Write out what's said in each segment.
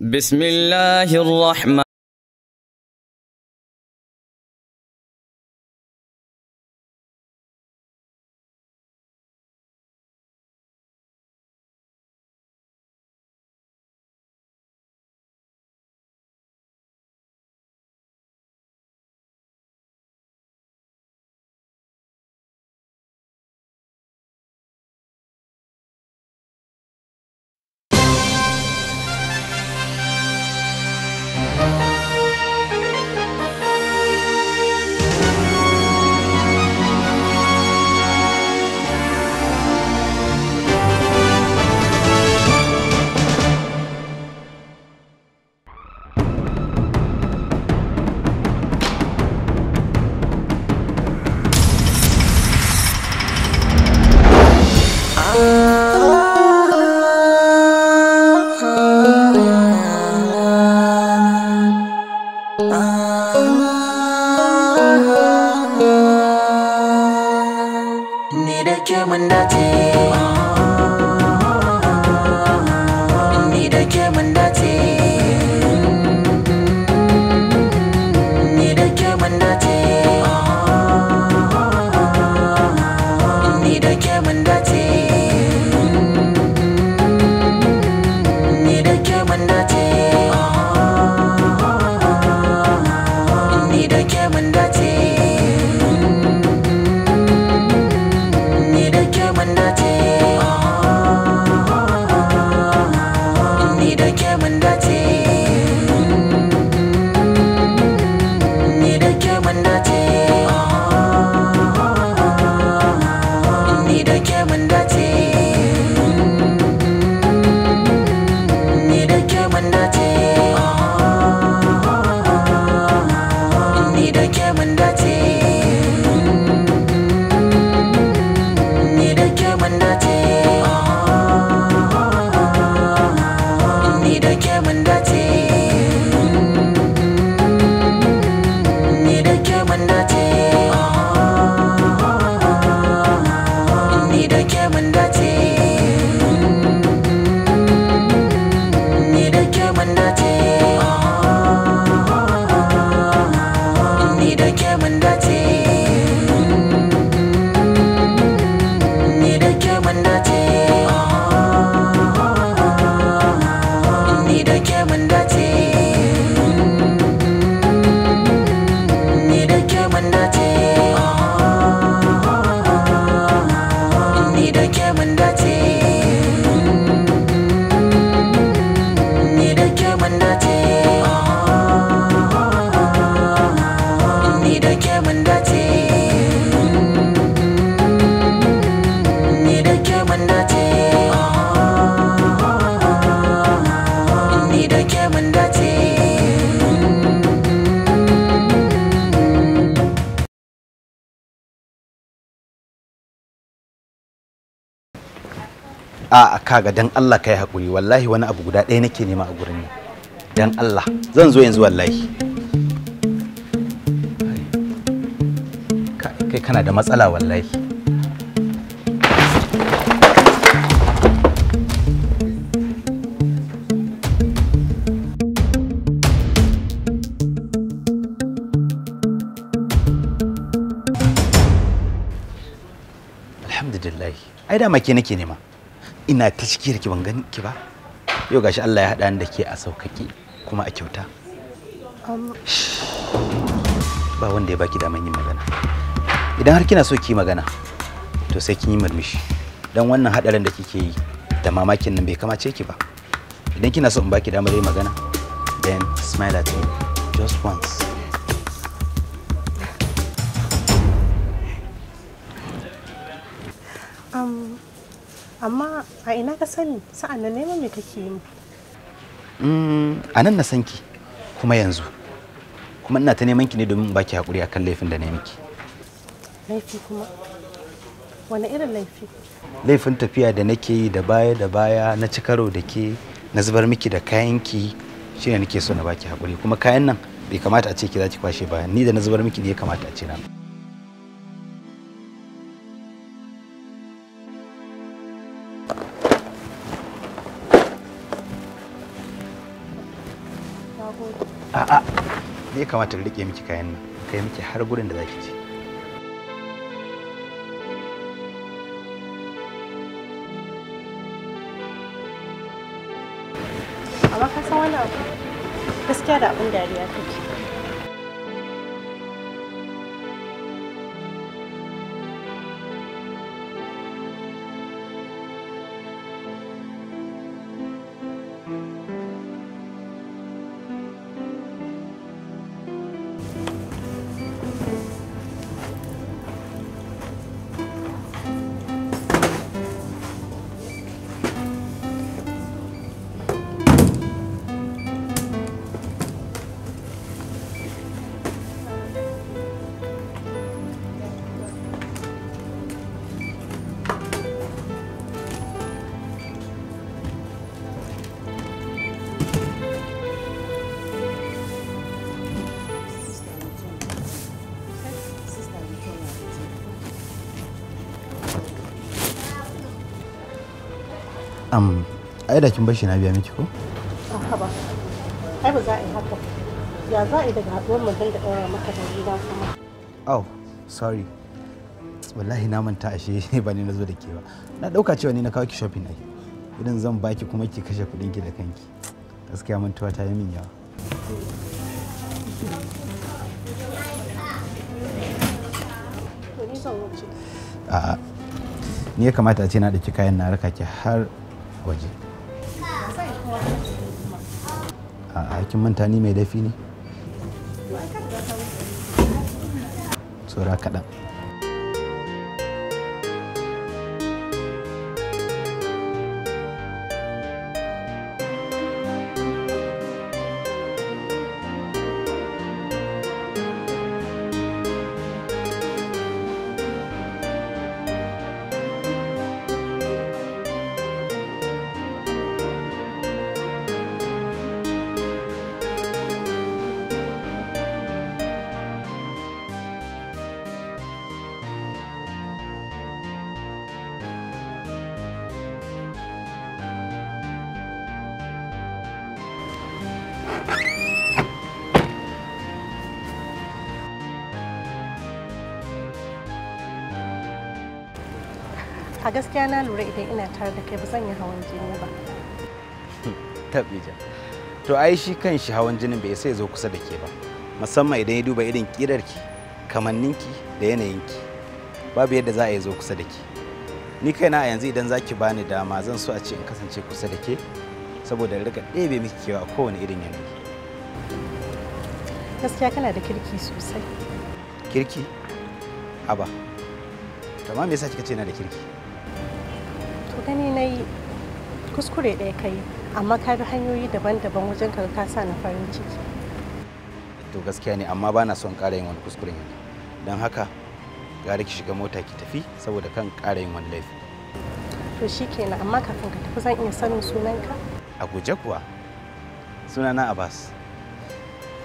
بسم الله الرحمن A'a, kaga dan Allah kai hakuri wallahi wani abu guda ɗaya nake nema a gurin nan dan Allah zan zo yanzu wallahi kai kana da matsala wallahi alhamdulillah ai da ke nake nema ina ta cikiyar ki ban gani ki ba yau gashi Allah ya haɗa da ke a ki kuma a kyauta ba wanda ya baki daman yin magana idan har kina so ki magana to sai kin yi murmushi dan wannan hadarin da kike yi da mamakin nan bai kamace ki ba idan kina so in baki damar yin magana then smile at me just once amma a ina ka sani sa'an nan neman me kake yi mm, a nan na san ki kuma yanzu kuma ina ta neman ki ne domin baki hakuri akan laifin da na miki laifi kuma wani irin laifi laifin tafiya da nake yi da baya da baya na ci karo da ke na zubar miki da kayan ki shine nake so na baki hakuri kuma kayan nan bai kamata a ce ki za ki kwashe ba ni da na zubar miki ne ya kamata a ce na kamata in rike miki kayan nan kai miki har gurin da za ki je am ai da kin bashi na biya miki ko haka ba ai ba za a yi haka ya za a yi daga haduwar mutum da ɗaura maka da gida kuma oh sorry wallahi na manta ashe ba ni na zo da ke ba na ɗauka cewa ni na kawo ki shopping ai idan zan baki kuma ki kashe kuɗin ki da kanki gaskiya mantuwa ta yi min yawa ni ya kamata a ce na ɗauki kayan na raka ki har waje a aikin mantani mai dafi ne tsora kaɗan a gaskiya na lura idan ina tare da kai ba zan yi hawan jini ba taɓija to ai shi kan shi hawan jinin bai sai zo kusa da ke ba musamman idan ya duba irin ƙirarki kamanninki da yanayinki babu yadda za a yi zo kusa da ke ni kaina a yanzu idan za ki bani dama zan so a ce in kasance kusa da ke saboda rika ɗebe miki kewa kowane irin yanayi gaskiya kana da kirki sosai kirki aba kamar me yasa kika ce na da kirki gani na yi kuskure ɗaya ka yi amma ka bi hanyoyi daban-daban wajen ka sa na farin ciki to gaskiya ne amma ba na son ƙara yin wani kuskuren yanzu don haka gara ki shiga mota ki tafi saboda kan ƙara yin wani laifi to shi kenan amma kafin ka tafi zan iya sanin sunanka a guje kuwa sunana abbas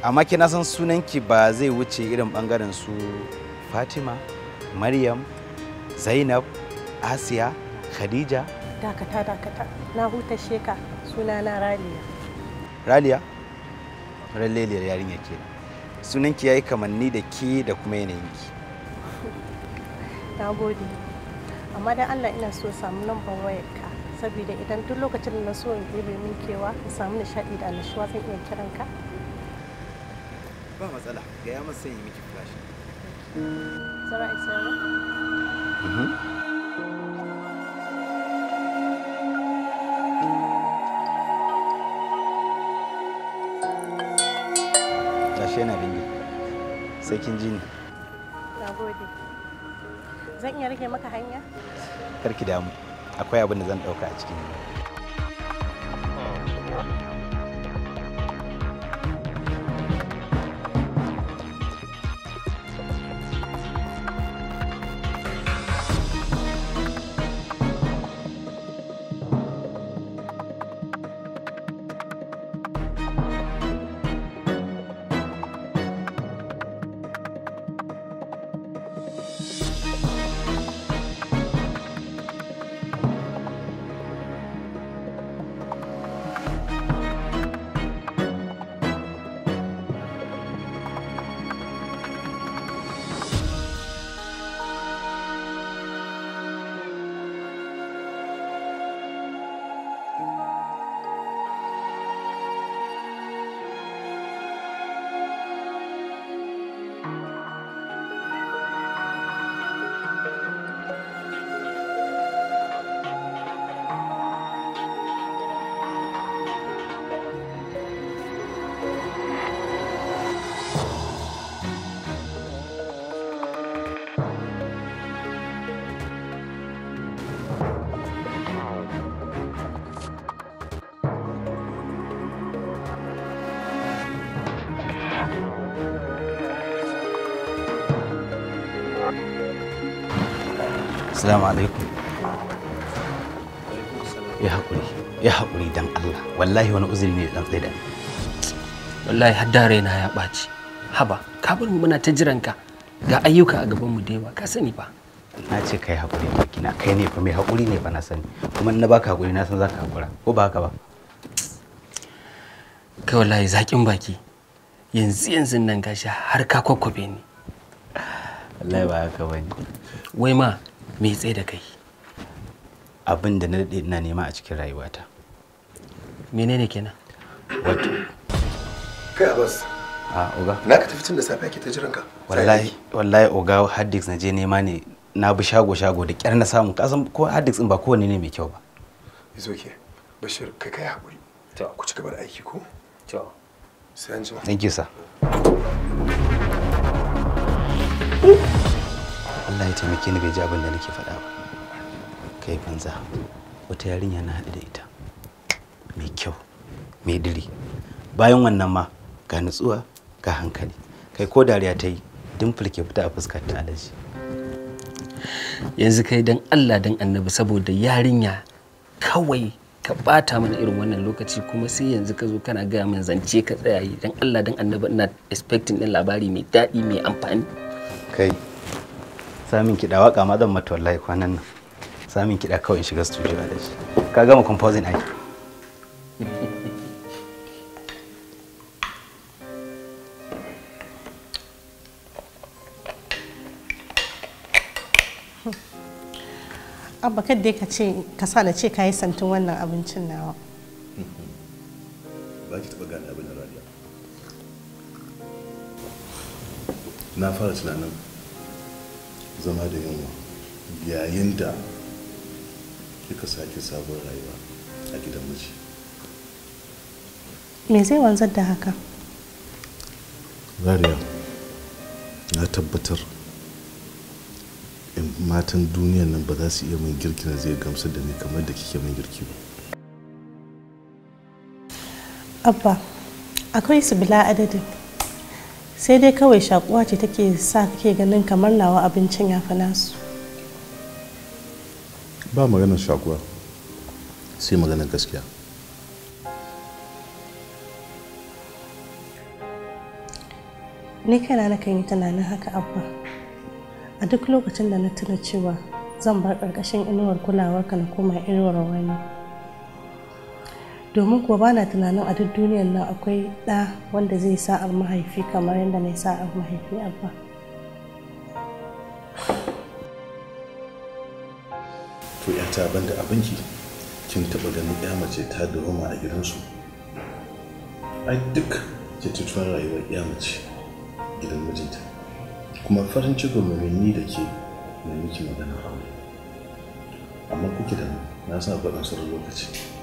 amma kina san sunanki ba zai wuce irin bangaren su fatima maryam zainab asiya Khadija. Dakata dakata na huta sheka suna na Raliya. Raliya? Ralleliyar yarinya ke. Sunanki yayi kamanni da ke da kuma yanayinki. Na gode. Amma dan Allah ina so samu lambar wayarka saboda idan duk lokacin da na so in ɗebe min kewa in samu nishaɗi da annashuwa zan iya kiran ka. Ba matsala, ga ya masa yi miki flash. Sara'i Sarah. mm yana binne sai kin ji ni nagode zan iya rage maka hanya karki damu akwai abin da zan dauka a cikin assalamu alaikum ya haƙuri ya haƙuri dan Allah wallahi wani uzuri ne dan tsaida wallahi har dare na ya ɓaci haba ka bar mu muna ta jiranka ga ayyuka a gaban mu da yawa ka sani ba na ce kai haƙuri kina kai ne fa mai haƙuri ne fa na sani kuma na baka haƙuri na san zaka haƙura ko ba haka ba kai wallahi zaƙin baki yanzu yanzu nan gashi har ka kwakwabe ni wallahi ba haka bane wai ma me tsaye da kai abin da na daɗe ina nema a cikin rayuwata menene kenan wato kai abbas a ah, oga na ka tafi tun da safiya ke ta jiran ka wallahi wallahi oga haddix na je nema ne na bi shago shago da kyar na samu kasan ko haddix din ba wani ne mai kyau ba is okay bashir kai kai hakuri to ku ci gaba da aiki ko to sai an jima thank you sir Allah ya taimake ni bai ji abin da nake faɗa ba kai banza wata yarinya na haɗu da ita mai kyau mai diri bayan wannan ma ga nutsuwa ga hankali kai ko dariya ta yi dimfil ke fita a fuskar ta alaji yanzu kai dan Allah dan annabi saboda yarinya kawai ka bata mana irin wannan lokaci kuma sai yanzu ka zo kana gaya min zance ka tsaya yi dan Allah dan annabi ina expecting din labari mai daɗi mai amfani kai samin kiɗa waƙa ma zan mata wallahi kwanan nan samin kiɗa kawai in shiga studio da shi ka gama composing ai abba kadda ka ce ka sa ce ka yi santin wannan abincin nawa ba ki taɓa gane abin da na fara tunanin zama da yunwa yayin da kika sake sabon rayuwa a gidan mace. me zai wanzar da haka zariya na tabbatar in matan duniyan nan ba za su iya min girki na zai gamsar da ni kamar da kike min girki ba abba akwai su bila adadin sai dai kawai shakuwa ce take sa kake ganin kamar nawa abincin ya fi nasu ba maganar shakuwa sai maganar gaskiya ni kaina na kan yi tunanin haka abba a duk lokacin da na tuna cewa zan bar ƙarƙashin inuwar kulawarka na koma inuwar wani domin kuwa ba na tunanin a duk duniyar nan akwai ɗa wanda zai a mahaifi kamar yadda na sa'ar mahaifi abba to yata da abinki kin taɓa ganin ya mace ta dawoma a gidansu ai duk kyaututtuwar rayuwar ya mace gidan mijinta kuma farin cikin ni da ke mai miki magana aure amma kuke da na sa faɗin sauran lokaci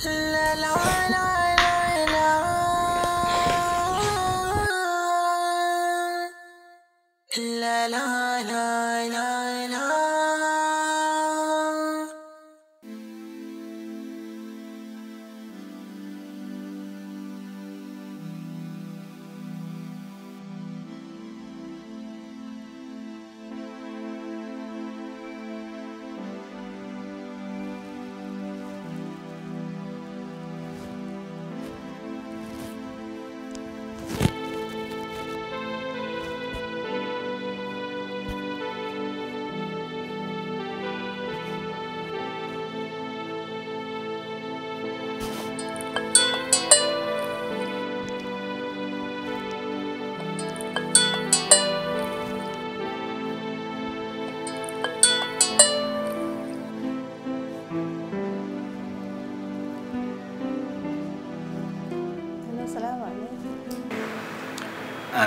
la la la la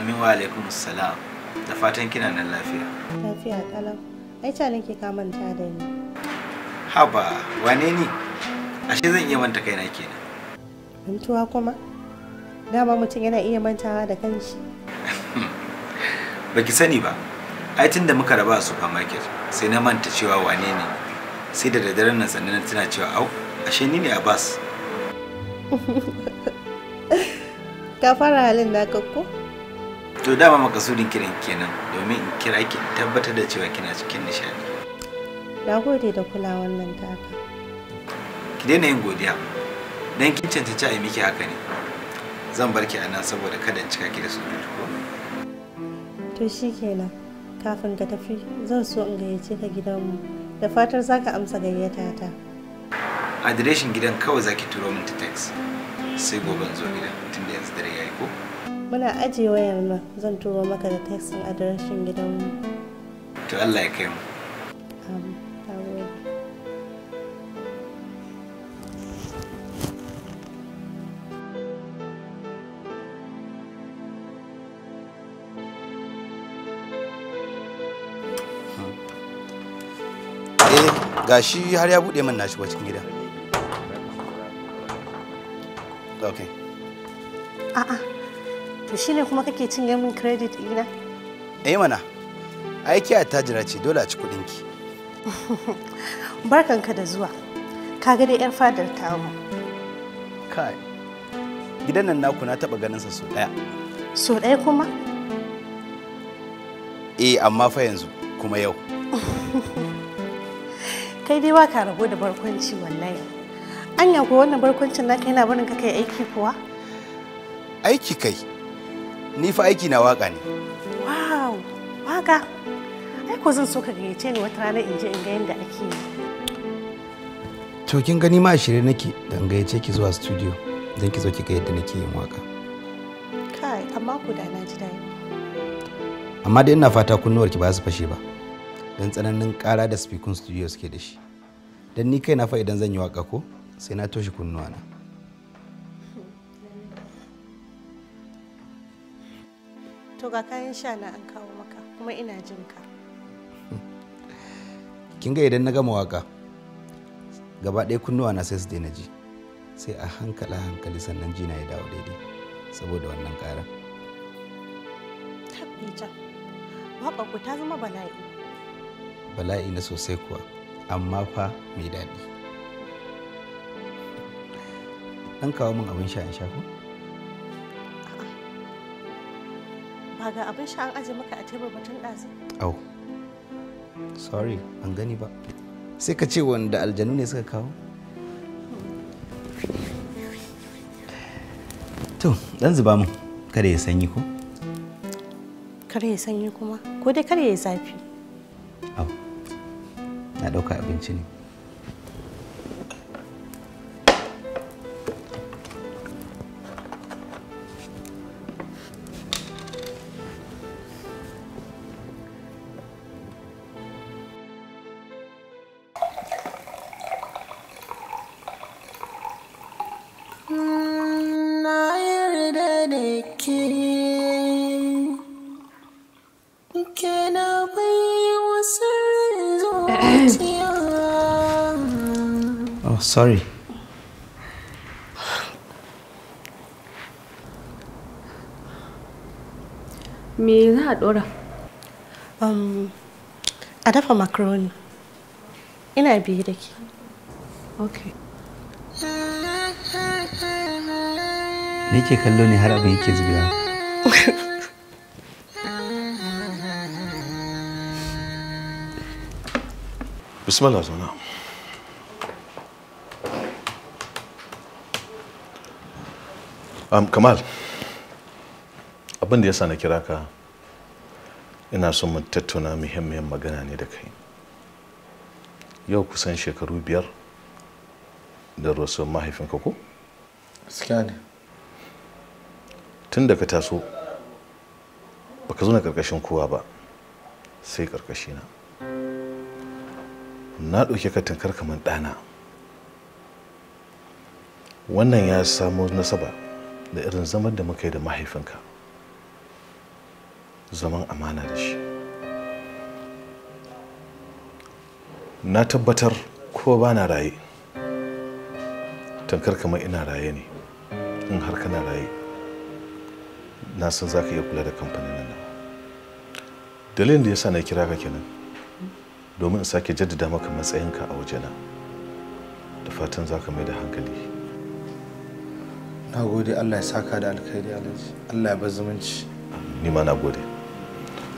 amin wa alaikum salam da fatan kina nan lafiya lafiya kalau ai ta ke ka manta da ni haba wane ni ashe zan iya manta kaina kenan mantuwa kuma dama mutum yana iya mantawa da kanshi baki sani ba ai tunda muka raba a supermarket sai na manta cewa wane ne sai da daddaren nan sannan tana cewa au ashe ni ne a bas ka fara halin naka ko to dama makasudin kiran kenan domin in kira ki tabbatar da cewa kina cikin nishadi na gode da kulawar nan taka ki daina yin godiya dan kin cancanci a yi miki haka ne zan bar ki a nan saboda kada in cika ki da sunan ko to shikenan kafin ka tafi zan so in gayyace ta gidanmu da fatar zaka amsa gayyata ta adireshin gidan kawai zaki turo min ta text sai gobe zo gidan tunda yanzu dare yayi ko muna ajiye wayar nan zan turo maka da textin adireshin gidanmu to allah ya kai mu eh, shi har ya buɗe man nashi ba cikin gida. Okay. A'a. to shine kuma kake cinye min credit ina eh mana aiki a tajira ce dole a ci kudin ki barkanka da zuwa ga dai yar fadar tamu kai gidan nan naku na taba ganin sa so daya so daya kuma eh amma fa yanzu kuma yau kai dai ka rabo da barkwanci wallahi anya ko wannan barkwancin naka yana barin ka kai aiki kuwa aiki kai ni fa aiki na waka ne wow waka ai ko zan so ka gayyace ni wata rana in je in ga yadda ake yi to kin gani ma shirye nake dan gayyace ki zuwa studio dan ki zo ki ga yadda nake yin waka kai amma ku da na ji dai amma dai ina fata kunnuwar ki ba su fashe ba dan tsananin kara da speaking studio suke da shi dan ni kai na fa idan zan yi waka ko sai na toshe kunnuwana na to ga kayan sha na an kawo maka kuma ina jin ka kin ga idan na gama waka gaba ɗaya kunnuwa na sai su daina ji sai a hankala hankali sannan jina ya dawo daidai saboda wannan ƙarar tabbijan waƙarku ta zama bala'i bala'i na sosai kuwa amma fa mai daɗi an kawo min abin sha in sha ko? ba ga abin sha an aje maka a tebur batun ɗazu au sorry an gani ba sai ka ce wanda aljanu ne suka kawo to dan zuba mu kada ya sanyi ko kada ya sanyi kuma ko dai kada ya zafi au na ɗauka abinci ne Sorry. Me za a ɗora? Um, a dafa macaroni. Ina biyu da ke. Okay. Ni ke ne har abin yake Bismillah um, kamal abin da ya sa na kira ka ina son mu tattauna muhimmiyar magana ne da kai yau kusan shekaru biyar da rasuwar mahaifinka ko? suka ne tun da ka taso baka zo na karkashin kowa ba sai karkashi na Na ɗauke ka tankar kamar ɗana wannan ya samo nasaba da irin zaman da muka yi da mahaifinka zaman amana da shi na tabbatar ko ba na raye tankar kamar ina raye ne in har kana raye na san za ka iya kula da kamfanin nan dalilin da ya sa na kira ka kenan domin in sake jaddada maka matsayinka a wajena da fatan za ka mai da hankali na gode allah ya saka da alkhairi alhaji allah ya zumunci ni ma na gode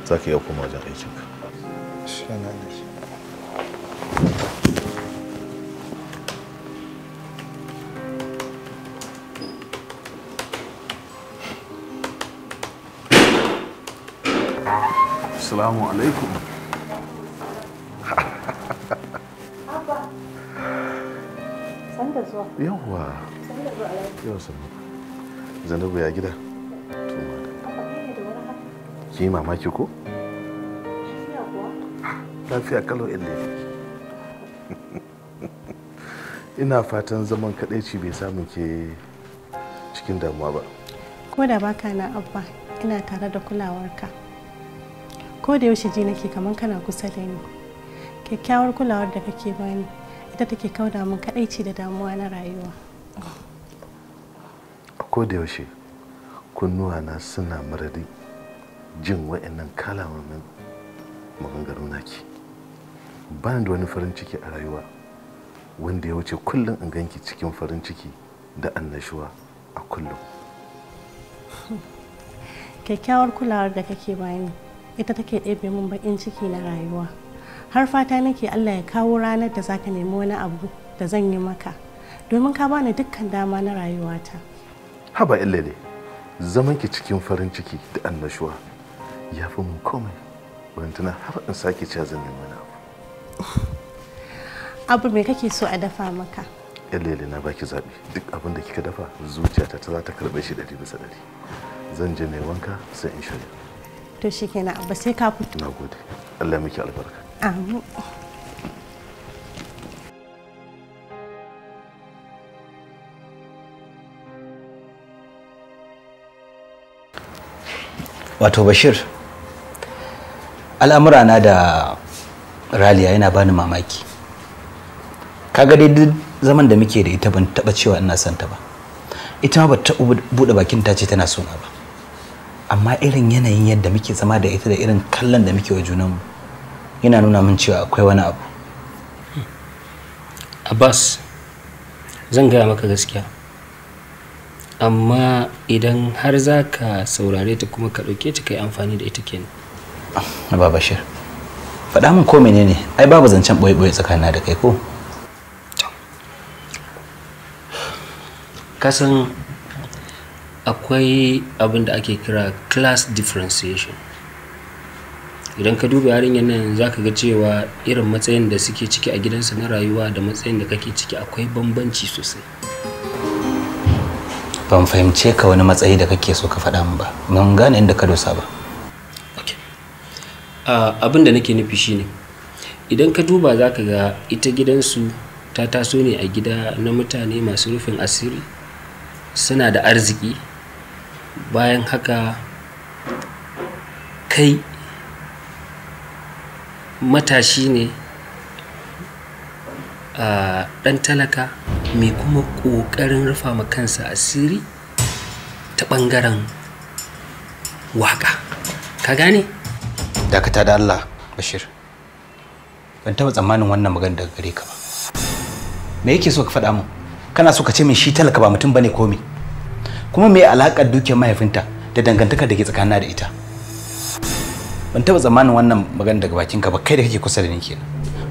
za ka iya koma wajen aikinka shi Assalamu alaikum. Abba, san da zuwa. Yawwa. Yau sannu. Zainabu ya gida. To Ki yi mamaki ko? Lafiya kalo in Ina fatan zaman kadaici bai samun ke cikin damuwa ba. Ko da baka na abba ina tare da kulawarka. Ko da yaushe ji nake kaman kana kusa da ni. Kyakkyawar kulawar da kake bani ita take kauda min kadaici da damuwa na rayuwa. ko da yaushe kunnuwana suna maradi jin wa'annan kalaman maganganu naki ba da wani farin ciki a rayuwa wanda ya wuce kullum in ganki cikin farin ciki da annashuwa a kullum kyakkyawar kulawar da kake bayani ita take ɗebe min bakin ciki na rayuwa har fata nake allah ya kawo ranar da zaka nemi wani abu da zan yi maka domin ka bani dukkan dama na rayuwata haba illale zaman ki cikin farin ciki da annashuwa ya fi mun komai tana har in sake cazin neman wani abu abu me kake so a dafa maka illale na baki zaɓi duk abin da kika dafa zuciyata ta za ta karbe shi ɗari bisa ɗari zan je mai wanka sai in shirya to shikenan abba sai ka fito gode Allah miki albarka amin wato bashir al'amura na da raliya yana bani mamaki kaga dai duk zaman da muke da ita ban taba cewa ina son ta ba ita ma ba ta bude bakin ta ce tana sona ba amma irin yanayin yadda muke zama da ita da irin kallon da muke wa junanmu yana nuna min cewa akwai wani abu abbas zan gaya maka gaskiya amma idan har za ka saurare ta kuma ka ɗauke ta kai amfani da ita kenan ah, ba bashir faɗa min ko menene ai babu zancen ɓoye-ɓoye tsakanina da kai ko kasan akwai abin da ake kira class differentiation idan ka duba yarinyar nan za ka ga cewa irin matsayin da suke ciki a gidansa na rayuwa da matsayin da kake ciki akwai bambanci sosai ban fahimce ka wani matsayi da kake so ka faɗa min ba mun gane inda ka dosa ba ah, abin da nake nufi shine idan ka duba za ka ga ita gidansu ta taso ne a gida na mutane masu rufin asiri suna da arziki bayan haka kai matashi ne ɗan talaka mai kuma ƙoƙarin rufa ma kansa asiri ta ɓangaren waƙa ka gane dakata da allah bashir ban taɓa tsammanin wannan magana daga gare ka ba me yake so ka faɗa min kana so ka ce min shi talaka ba mutum bane komi kuma me alaƙar dukiyar mahaifinta da dangantaka da ke tsakanina da ita ban taɓa tsammanin wannan magana daga bakinka ba kai da kake kusa da ni kenan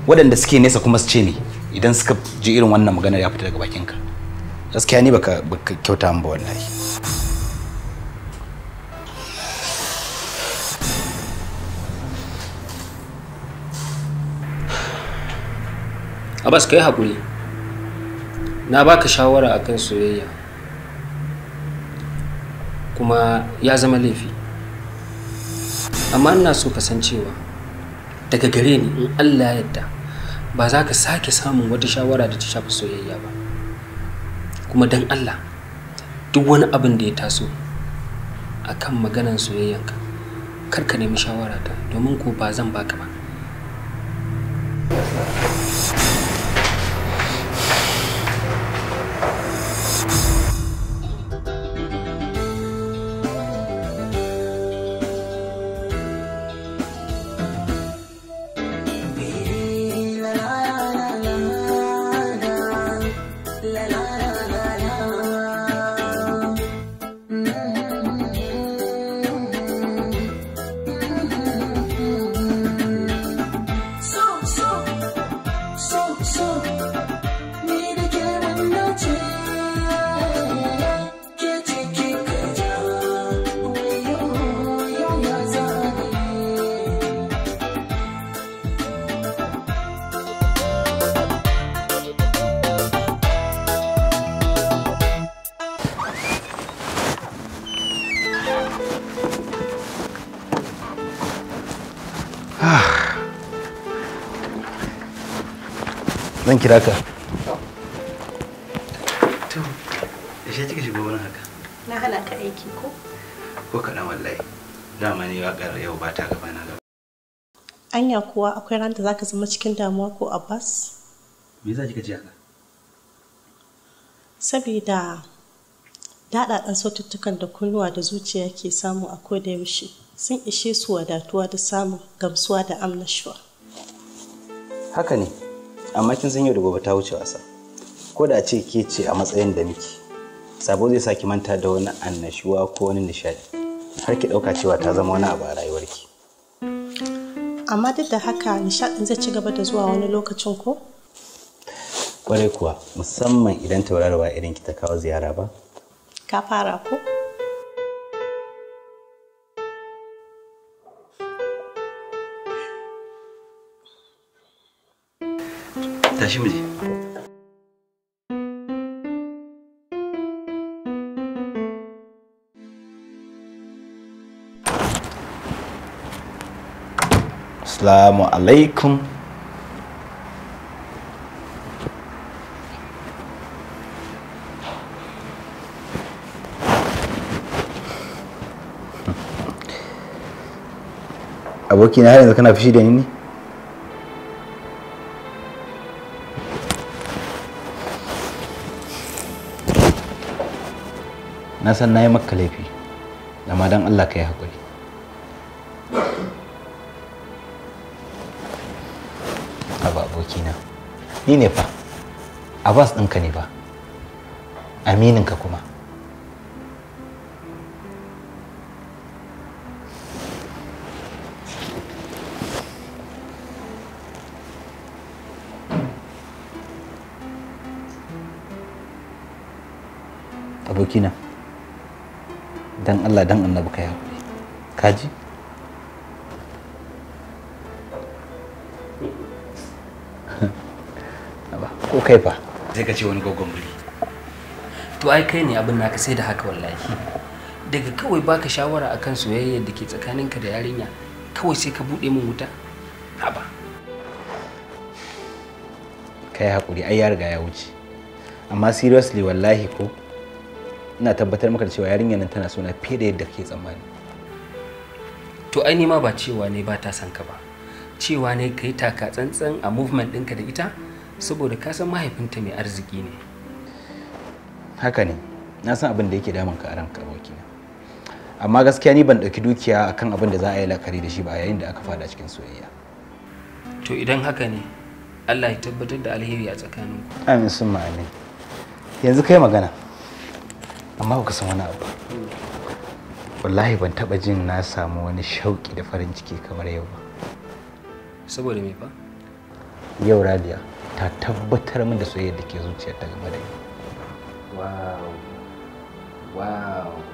waɗanda suke nesa kuma su ce ni idan suka ji irin wannan maganar ya fita daga bakinka gaskiya ni baka baka kyauta mu ba wallahi Abbas kai hakuri na baka shawara akan soyayya kuma ya zama laifi amma ina so ka cewa daga gare ni in Allah ya yarda ba za ka sake samun wata shawara da ta shafi soyayya ba kuma don allah duk wani abin da ya taso a kan maganan soyayyanka kar ka nemi shawara ta domin ko ba zan baka ba kira ka to shi kika shigo wani haka na hana ka aiki ko ko kaɗan wallahi dama ne waƙar yau ba ta gaba na gaba anya kuwa akwai ran da zaka zama cikin damuwa ko abbas me za kika ji haka saboda daɗaɗan saututtukan da kunnuwa da zuciya ke samu a da yaushe sun ishe su wadatuwa da samun gamsuwa da amnashuwa haka ne amma kin san yau da gobe ta wuce wasa ko da ce ke ce a matsayin da miki sabo zai saki manta da wani annashuwa ko wani nishadi har ki dauka cewa ta zama wani abu a rayuwarki amma duk da haka nishadin zai ci gaba da zuwa wani lokacin ko kwarai kuwa musamman idan taurarwa irin ki ta kawo ziyara ba ka fara ko tashi mu je Assalamu alaikum abokina har yanzu kana fushi da ni ne na san na yi maka laifi amma don allah ka yi haƙuri abu na, ni ne fa abbas ɗinka ne ba amininka kuma abokina dan Allah dan annabi ka haƙuri kaji ko kai fa sai ka ce wani gogon buri to ai kai ne abin naka sai da haka wallahi daga kawai baka shawara akan soyayyar da ke tsakaninka da yarinya kawai sai ka bude min wuta haba kai hakuri ai ya riga ya wuce amma seriously wallahi ko ina tabbatar maka da cewa yarinyar nan tana sona fiye da yadda kake tsammani to ai ma ba cewa ne ba ta san ka ba cewa ne ka yi taka tsantsan a movement ɗinka da ita saboda ka san mahaifinta mai arziki ne haka ne na san abin da yake damun ka a ranka na. amma gaskiya ni ban ɗauki dukiya akan abin da za a yi la'akari da shi ba yayin da aka fada cikin soyayya to idan haka ne Allah ya tabbatar da alheri a tsakaninku amin sun amin yanzu kai magana amma ba san wani abu wallahi ban taba jin na samu wani shauki da farin ciki kamar yau ba saboda me fa yau radiya ta tabbatar min da soyayyar da ke zuciyarta game da ni wow wow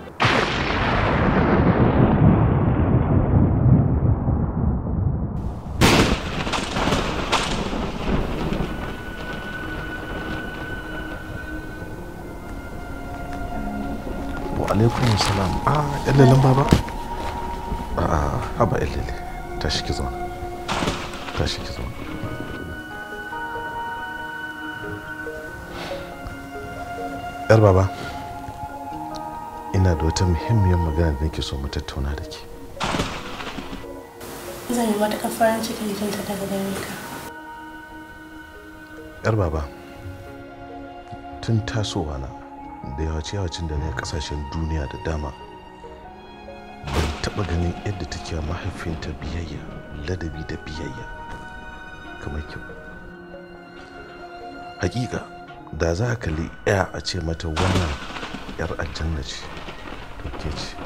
alaikum salam a ah, yallalin baba a ah, haba ta tashi ki zauna tashi ki zauna yar baba ina da wata muhimmiyar magana da nake so mu tattauna da ke zan yi mata farin cikin ta daga gare ka yar baba tun tasowa na da ce yawacin da na yi kasashen duniya da dama ban taɓa ganin yadda take mahaifinta biyayya ladabi da biyayya kamar kyau hakika da za a kalli ya a ce mata wannan yar aljanna ce ke ce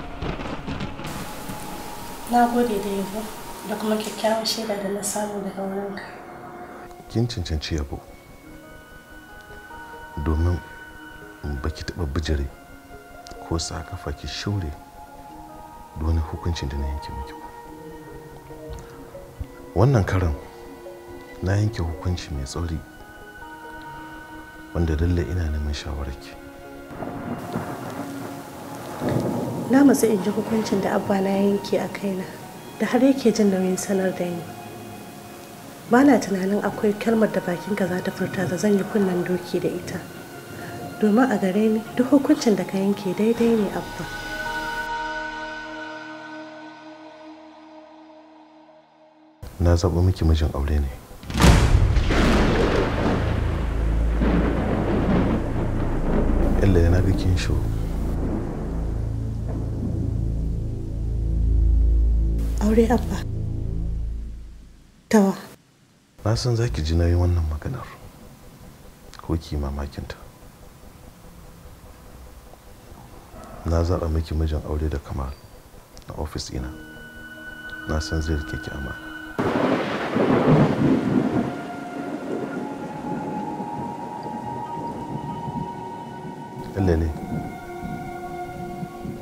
na gode da yabo da kuma kyakkyawan shaida da na samu daga wurinka kin cancanci yabo domin baki taɓa bijire ko sa kafa ki shaure wani hukuncin da na yanke miki wannan karan na yanke hukunci mai tsauri wanda lalle ina neman shawararki na matsa in ji hukuncin da abba na yanke a kaina da har yake jin nauyin sanar da ni ba na tunanin akwai kalmar da bakinka za ta furta da zan yi kunnen doki da ita domin a gare ni duk hukuncin da ka yanke daidai ne abba na zaɓi miki mijin aure ne illa yana bikin shi aure abba tawa na san za ki ji na wannan maganar ko ki mamakinta na zaɓa miki mijin aure da kamal na ofis ina na san zai rike ki amana lele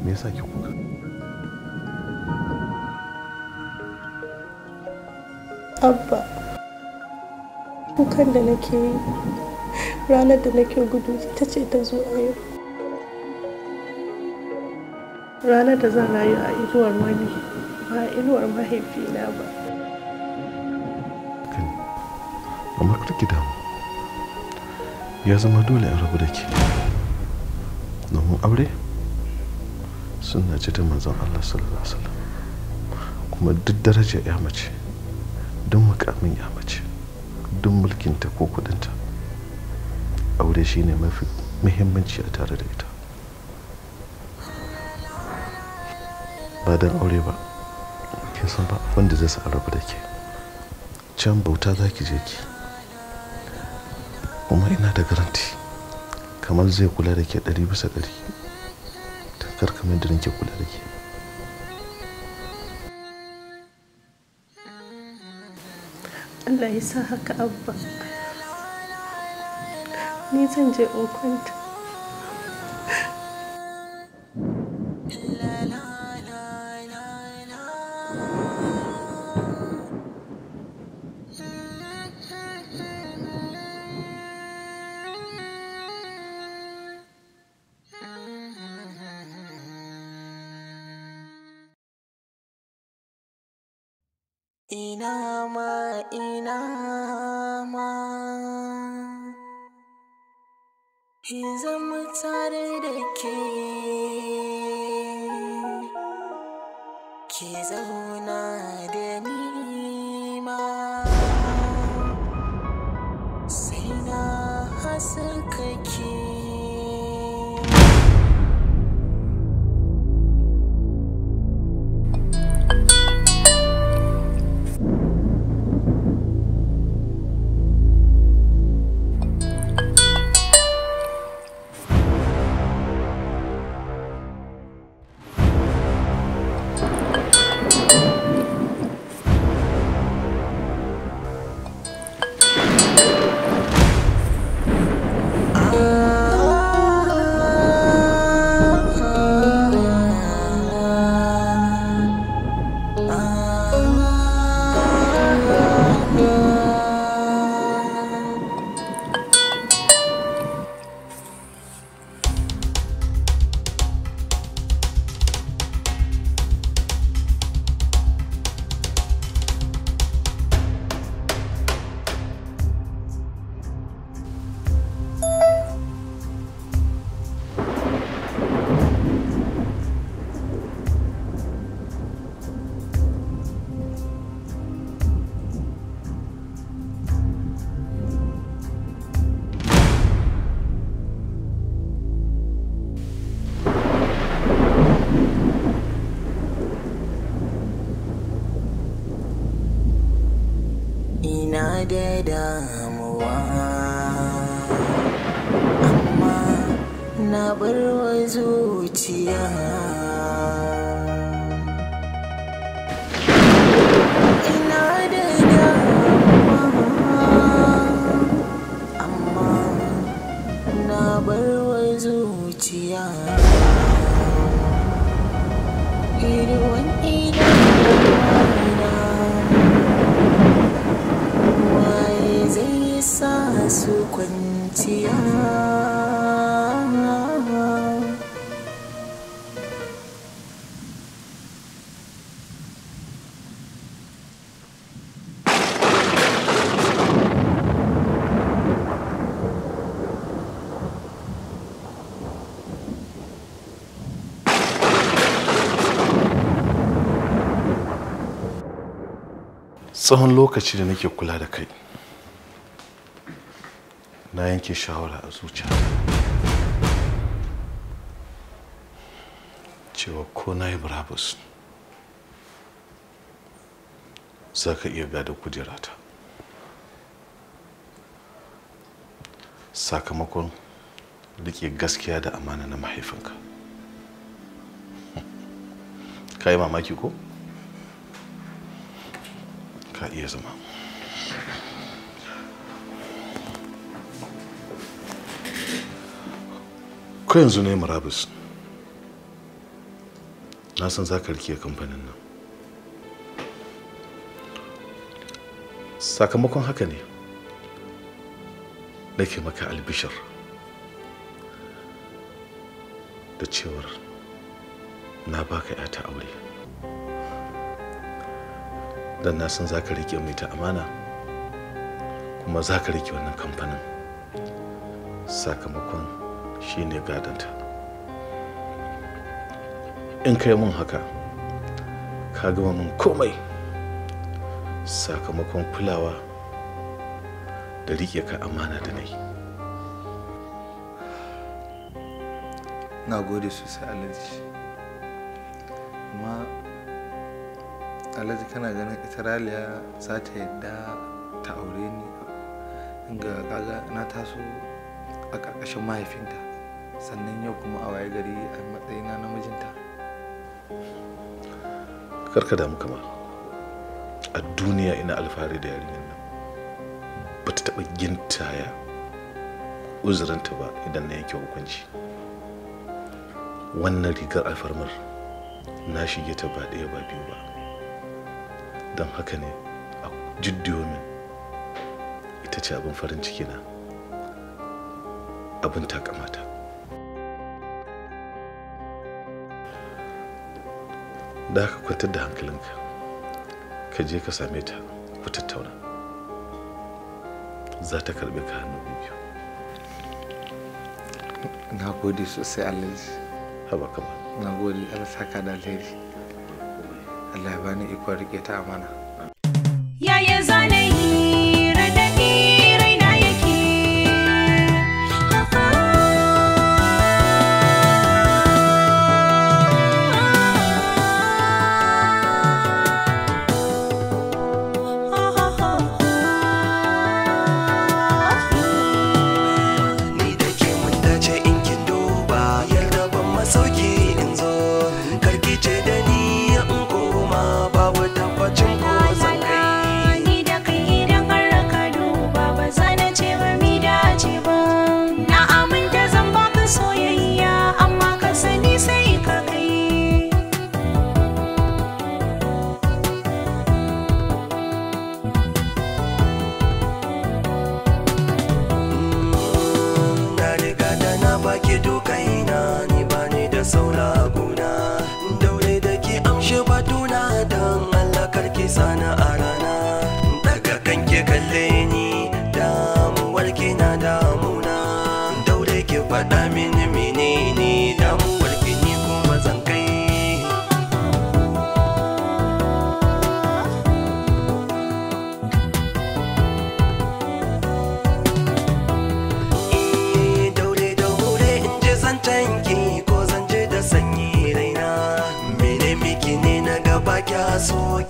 me yasa ki kuka abba kukan da nake yi ranar da nake gudu ta ce ta zo a yau ranar da zan rayu a inuwar wani ba inuwar mahaifina ba amma karki damu ya zama dole an rabu da ke domin aure suna ce ta manzan Allah sallallahu alaihi kuma duk daraja ya mace duk mukamin ya mace duk mulkinta ko kudinta aure shine mafi muhimmanci a tare da ita ba don aure ba kin san ba wanda zai sa a rabu da ke can bauta za ki je ki kuma ina da garanti kamar zai kula da ke ɗari bisa ɗari ta karkamin da nake kula da ke Allah ya sa haka abba ni zan je in kwanta tsawon lokaci da nake kula da kai na yanke shawara a zuciya cewa ko na yi brabus za ka iya gada kujerata sakamakon rike gaskiya da amana na mahaifinka ka yi mamaki ko? ka iya zama ko yanzu ne murabus na san za ka rike kamfanin nan sakamakon haka ne nake maka albishir da cewar na baka 'ya ta aure don na san za ka rike mai ta amana kuma za ka rike wannan kamfanin sakamakon shi ne gadanta in kai mun haka ka gama mun komai sakamakon kulawa da rike ka amana da nai na gode sosai alhaji alhaji kana ganin ita raliya za ta yadda ta aure ni ga kaga na taso a ƙarƙashin mahaifinta sannan yau kuma a waye gari a matsayina na mijinta karka damu kamar a duniya ina alfahari da yarinyar nan ba ta taɓa gintaya uzurinta ba idan na yanke hukunci wannan rigar alfarmar na shige ta ba ɗaya ba biyu ba don haka ne a min ita ce abin farin ciki na abin takamata da haka kwantar da hankalinka ka je ka same ta ku tattauna za ta karbe ka hannu biyu na gode sosai alhaji haba kama na gode alasaka da alheri Allah ya bani ikon rike ta amana yaya zanayi azul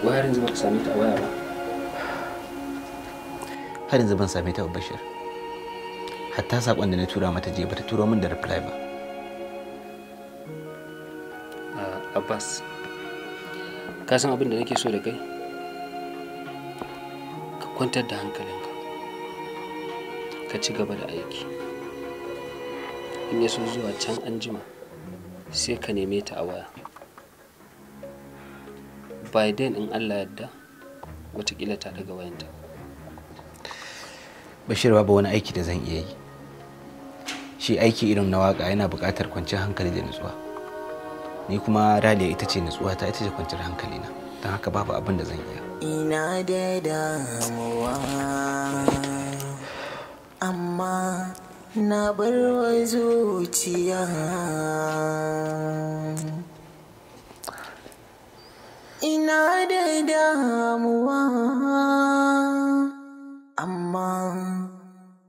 wayar yanzu baka same ta a waya ba har yanzu ban same ta bashir hatta sakon da na tura mata je bata turo min da reply ba ah, abbas ka san abin da nake so da kai ka kwantar da hankalinka ka ci gaba da aiki in ya so zuwa can anjima sai ka neme ta a waya by then in allah yadda watakila ta daga wayanta bashir babu wani aiki da zan iya yi shi aiki irin na waka yana buƙatar kwanciyar hankali da nutsuwa ni kuma raliya ita ce nutsuwa ta ita ce kwanciyar hankali na don haka babu abin da zan iya ina da damuwa amma na bar wa zuciya ina da damuwa amma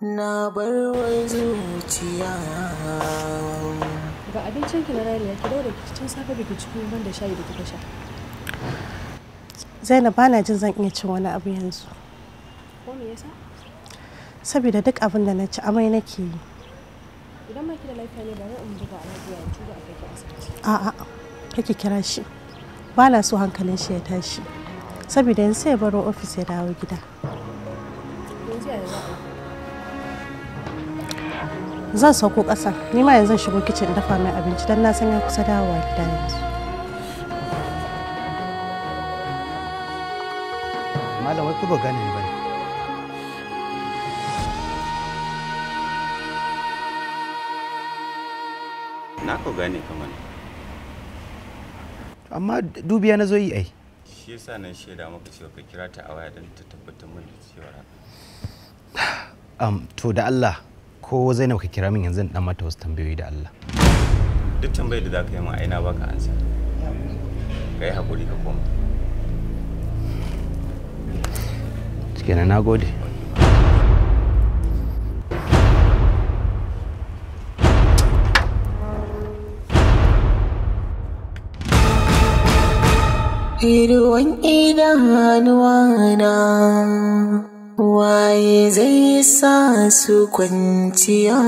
na bar wa zuciya ga abincin ki na rayuwa ki dawo da kicin safe da cikin ban da shayi da kika sha Zainab bana jin zan iya cin wani abu yanzu ko me yasa saboda duk abin da na ci amai nake yi idan ma ki da lafiya ne ba zan umma a alajiya ki da a kai asibiti a kake kira shi Bana su so hankalin shi ya tashi saboda yanzu sai baro ofis ya dawo gida zan sauko ƙasa ni ma yanzu shigo kicin dafa mai abinci don na san ya kusa dawowa gida yanzu malam na ko gane kamar amma dubiya na zo yi ai shi yasa nan shaida maka cewa ka kira ta a waya don ta tabbatar mun da cewa um, to da Allah ko Zainab ka kira min yanzu dan mata wasu tambayoyi da Allah duk tambayar da za ka yi ma aina baka ansa ka yi hakuri ka koma kenan na gode idan na waye zai sa su kwanciya